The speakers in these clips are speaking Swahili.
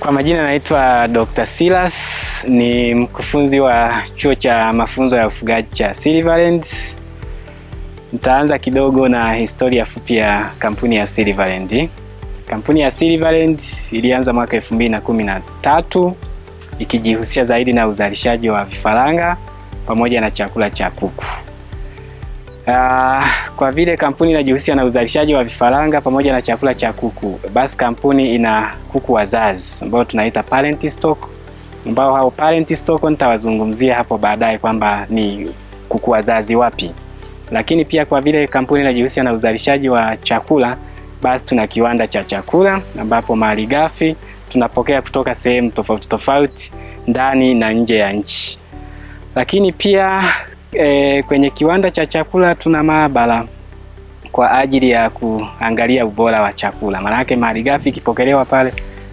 Kwa majina naitwa Dr. Silas, ni mkufunzi wa chuo cha mafunzo ya ufugaji cha Silverland. Nitaanza kidogo na historia fupi ya kampuni ya Silverland. Kampuni ya Silverland ilianza mwaka 2013 ikijihusisha zaidi na uzalishaji wa vifaranga pamoja na chakula cha kuku. Ah, kwa vile kampuni inajihusisha na uzalishaji wa vifaranga pamoja na chakula cha kuku, basi kampuni ina kuku wazazi ambao tunaita parent stock, ambao hao parent stock nitawazungumzia hapo baadaye kwamba ni kuku wazazi wapi. Lakini pia kwa vile kampuni inajihusisha na uzalishaji wa chakula, basi tuna kiwanda cha chakula ambapo malighafi tunapokea kutoka sehemu tofauti tofauti ndani na nje ya nchi, lakini pia e, kwenye kiwanda cha chakula tuna maabara kwa ajili ya kuangalia ubora wa chakula. Maana yake malighafi ikipokelewa pale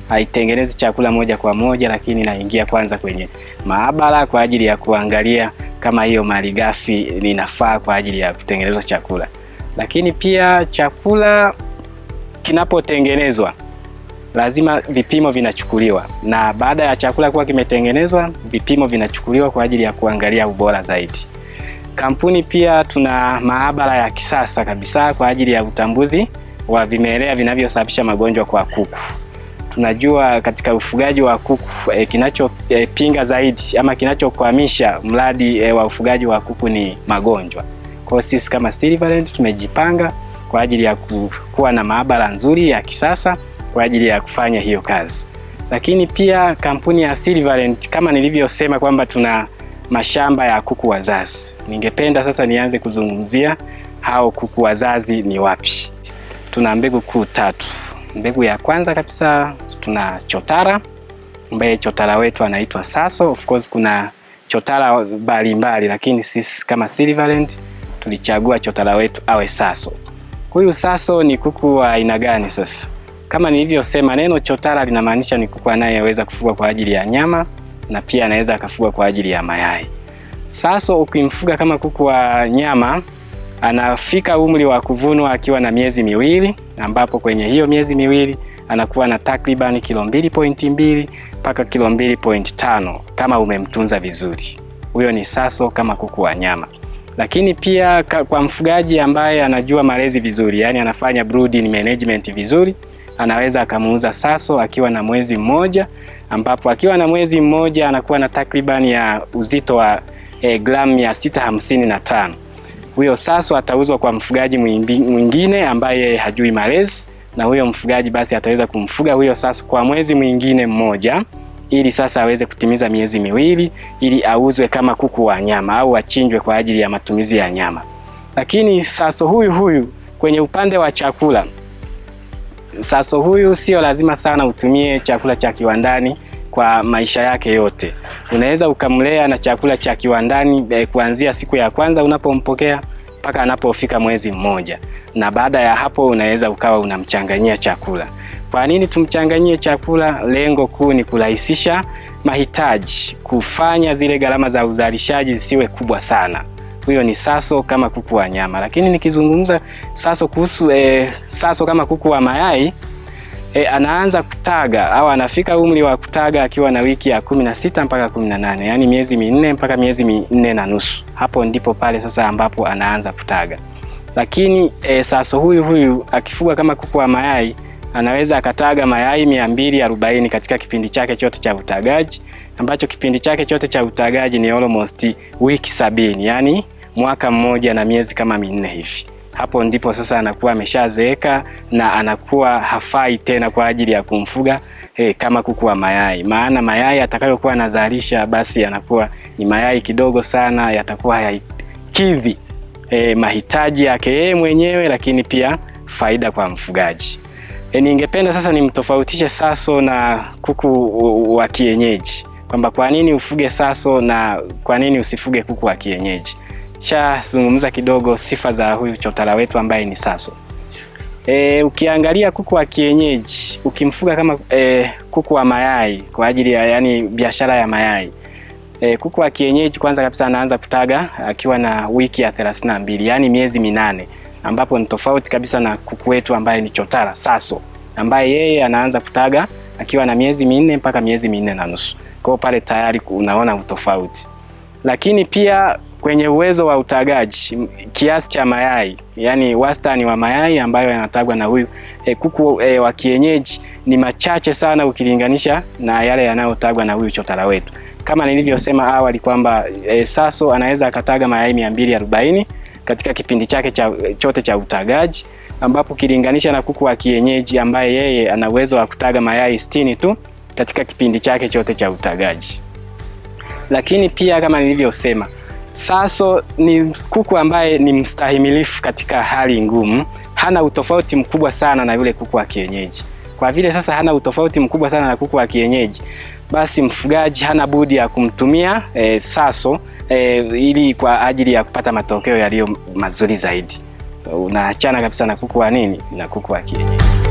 haitengenezi chakula moja kwa moja, lakini inaingia kwanza kwenye maabara kwa ajili ya kuangalia kama hiyo malighafi inafaa kwa ajili ya kutengeneza chakula. Lakini pia chakula kinapotengenezwa lazima vipimo vinachukuliwa, na baada ya chakula kuwa kimetengenezwa, vipimo vinachukuliwa kwa ajili ya kuangalia ubora zaidi. Kampuni pia tuna maabara ya kisasa kabisa kwa ajili ya utambuzi wa vimelea vinavyosababisha magonjwa kwa kuku. Tunajua katika ufugaji wa kuku e, eh, kinachopinga eh, e, zaidi ama kinachokwamisha mradi e, wa ufugaji wa kuku ni magonjwa. Kwa hiyo sisi kama Silverland tumejipanga kwa ajili ya kuwa na maabara nzuri ya kisasa kwa ajili ya kufanya hiyo kazi. Lakini pia kampuni ya Silverland kama nilivyosema kwamba tuna mashamba ya kuku wazazi. Ningependa sasa nianze kuzungumzia hao kuku wazazi ni wapi. Tuna mbegu kuu tatu. Mbegu ya kwanza kabisa tuna chotara ambaye chotara wetu anaitwa Saso. Of course kuna chotara mbalimbali, mbali, lakini sisi kama Silverland tulichagua chotara wetu awe Saso. Huyu Saso ni kuku wa aina gani? Sasa kama nilivyosema, neno chotara linamaanisha ni kuku anayeweza kufugwa kwa ajili ya nyama na pia anaweza akafuga kwa ajili ya mayai. Sasa ukimfuga kama kuku wa nyama anafika umri wa kuvunwa akiwa na miezi miwili, ambapo kwenye hiyo miezi miwili anakuwa na takriban kilo 2.2 mpaka kilo 2.5 kama umemtunza vizuri. Huyo ni Saso kama kuku wa nyama. Lakini pia kwa mfugaji ambaye anajua malezi vizuri, yani anafanya brooding management vizuri anaweza akamuuza Saso akiwa na mwezi mmoja, ambapo akiwa na mwezi mmoja anakuwa na takriban ya uzito wa e, gramu mia sita hamsini na tano. Huyo Saso atauzwa kwa mfugaji mwingine ambaye hajui malezi, na huyo mfugaji basi ataweza kumfuga huyo Saso kwa mwezi mwingine mmoja ili sasa aweze kutimiza miezi miwili ili auzwe kama kuku wa nyama au achinjwe kwa ajili ya matumizi ya nyama. Lakini Saso huyu huyu kwenye upande wa chakula Saso huyu sio lazima sana utumie chakula cha kiwandani kwa maisha yake yote. Unaweza ukamlea na chakula cha kiwandani eh, kuanzia siku ya kwanza unapompokea mpaka anapofika mwezi mmoja, na baada ya hapo unaweza ukawa unamchanganyia chakula. Kwa nini tumchanganyie chakula? Lengo kuu ni kurahisisha mahitaji, kufanya zile gharama za uzalishaji zisiwe kubwa sana. Huyo ni Saso kama kuku wa nyama. Lakini nikizungumza Saso kuhusu e, Saso kama kuku wa mayai e, anaanza kutaga au anafika umri wa kutaga akiwa na wiki ya kumi na sita mpaka kumi na nane yaani miezi minne mpaka miezi minne na nusu. Hapo ndipo pale sasa ambapo anaanza kutaga. Lakini e, Saso huyu huyu akifuga kama kuku wa mayai anaweza akataga mayai mia mbili arobaini katika kipindi chake chote cha utagaji ambacho kipindi chake chote cha utagaji ni almost wiki sabini yani mwaka mmoja na miezi kama minne hivi. Hapo ndipo sasa anakuwa ameshazeeka na anakuwa hafai tena kwa ajili ya kumfuga hey, eh, kama kuku wa mayai, maana mayai atakayokuwa anazalisha basi yanakuwa ni mayai kidogo sana, yatakuwa hayakidhi hey, eh, mahitaji yake yeye mwenyewe, lakini pia faida kwa mfugaji. E, ningependa sasa nimtofautishe Saso na kuku wa kienyeji, kwamba kwa nini ufuge Saso na kwa nini usifuge kuku wa kienyeji shazungumza kidogo sifa za huyu chotara wetu ambaye ni Saso. E, ukiangalia kuku wa kienyeji ukimfuga kama e, kuku wa mayai kwa ajili ya yani biashara ya mayai e, kuku wa kienyeji kwanza kabisa anaanza kutaga akiwa na wiki ya 32 mbili yani miezi minane, ambapo ni tofauti kabisa na kuku wetu ambaye ni chotara Saso ambaye yeye anaanza kutaga akiwa na miezi minne mpaka miezi minne na nusu. Kwa pale tayari unaona utofauti, lakini pia kwenye uwezo wa utagaji kiasi cha mayai, yani wastani wa mayai ambayo yanatagwa na huyu e, kuku e, wa kienyeji ni machache sana ukilinganisha na yale yanayotagwa na huyu chotara wetu. Kama nilivyosema awali kwamba e, eh, Saso anaweza akataga mayai 240 katika kipindi chake cha, chote cha utagaji, ambapo ukilinganisha na kuku wa kienyeji ambaye yeye ana uwezo wa kutaga mayai 60 tu katika kipindi chake chote cha utagaji. Lakini pia kama nilivyosema Saso ni kuku ambaye ni mstahimilifu katika hali ngumu, hana utofauti mkubwa sana na yule kuku wa kienyeji. Kwa vile sasa hana utofauti mkubwa sana na kuku wa kienyeji, basi mfugaji hana budi ya kumtumia e, Saso e, ili kwa ajili ya kupata matokeo yaliyo mazuri zaidi. Unaachana kabisa na kuku wa nini na kuku wa kienyeji.